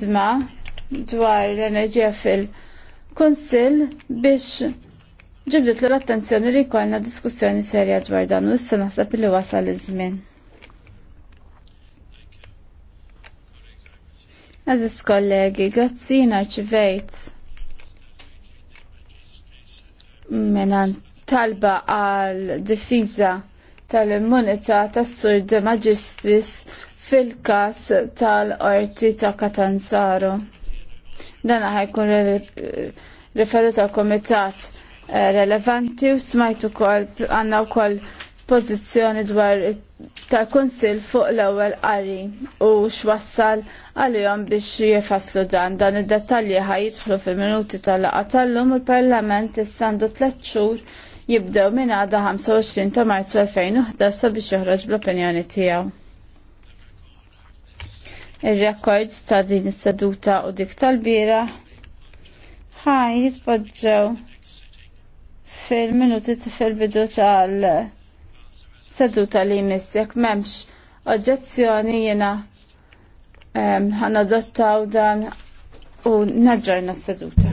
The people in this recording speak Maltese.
ġizma dwar l-enerġija fil-Konsil biex ġibdet l-attenzjoni li jkollna diskussjoni serja dwar dan u s-sena s li wasal iż-żmien. Aziz kollegi, grazzi ċivejt mena talba għal difiza tal immunita tas-sur de magistris fil-kas tal-orti ta' Katanzaro. Dan ħajkun riferut għal komitat eh, relevanti u smajtu kol għanna u kol pozizjoni dwar tal konsil fuq l-ewwel qari u x'wassal għalihom biex jifaslu dan dan id-dettalji jitħlu fil-minuti tal-laqgħa tal-lum u l-Parlament jissandu tliet xhur jibdew minn għada 25 ta' Marzu 2011 sabiex joħroġ bl-opinjoni tiegħu ir rekords ta' din is-seduta u dik tal-bira ħaj jitpoġġew fil-minuti fil-bidu tal-seduta li jmissek memx m'hemmx oġġezzjoni jiena ħanadottaw dan u naġġorna s-seduta.